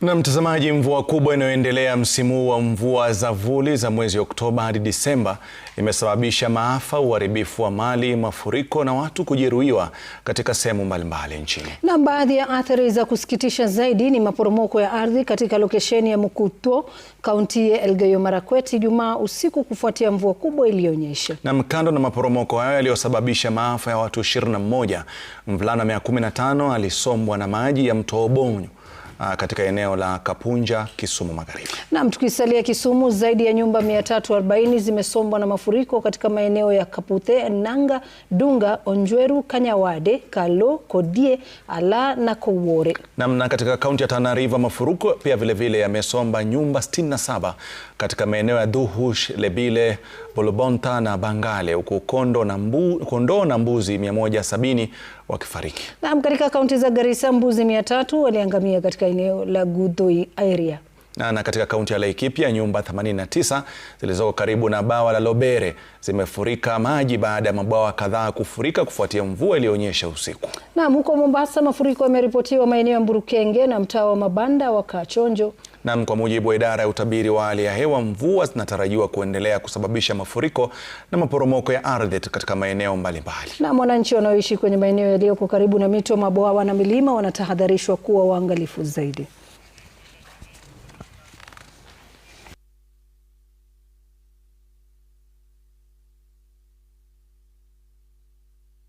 Na mtazamaji, mvua kubwa inayoendelea msimu huu wa mvua za vuli za mwezi Oktoba hadi Disemba imesababisha maafa, uharibifu wa mali, mafuriko na watu kujeruhiwa katika sehemu mbalimbali nchini. Na baadhi ya athari za kusikitisha zaidi ni maporomoko ya ardhi katika lokesheni ya Mukutuo, kaunti ya Elgeyo Marakwet Ijumaa usiku kufuatia mvua kubwa iliyonyesha. Na kando na maporomoko hayo yaliyosababisha maafa ya watu 21, mvulana 115 alisombwa na maji ya mto Obonyo uh, katika eneo la Kapunja, Kisumu Magharibi. Naam, tukisalia Kisumu, zaidi ya nyumba 340 zimesombwa na mafuriko katika maeneo ya Kapute, Nanga, Dunga, Onjweru, Kanyawade, Kalo, Kodie, Ala na Kowore. Naam, na katika kaunti ya Tana River mafuriko pia vilevile yamesomba nyumba 67 katika maeneo ya Duhush, Lebile, Bolobonta na Bangale huku kondoo na mbu, kondoo na mbuzi 170 wakifariki. Naam, katika kaunti za Garissa mbuzi 300 waliangamia katika eneo la Gudhui Area. Na, na katika kaunti ya Laikipia nyumba 89 zilizoko karibu na bawa la Lobere zimefurika maji baada ya mabwawa kadhaa kufurika kufuatia mvua iliyonyesha usiku. Naam, huko Mombasa mafuriko yameripotiwa maeneo ya Mburukenge na mtaa wa Mabanda wa Kachonjo Nam, kwa mujibu wa idara ya utabiri wa hali ya hewa, mvua zinatarajiwa kuendelea kusababisha mafuriko na maporomoko ya ardhi katika maeneo mbalimbali. Na wananchi wanaoishi kwenye maeneo yaliyoko karibu na mito, mabwawa na milima wanatahadharishwa kuwa waangalifu zaidi.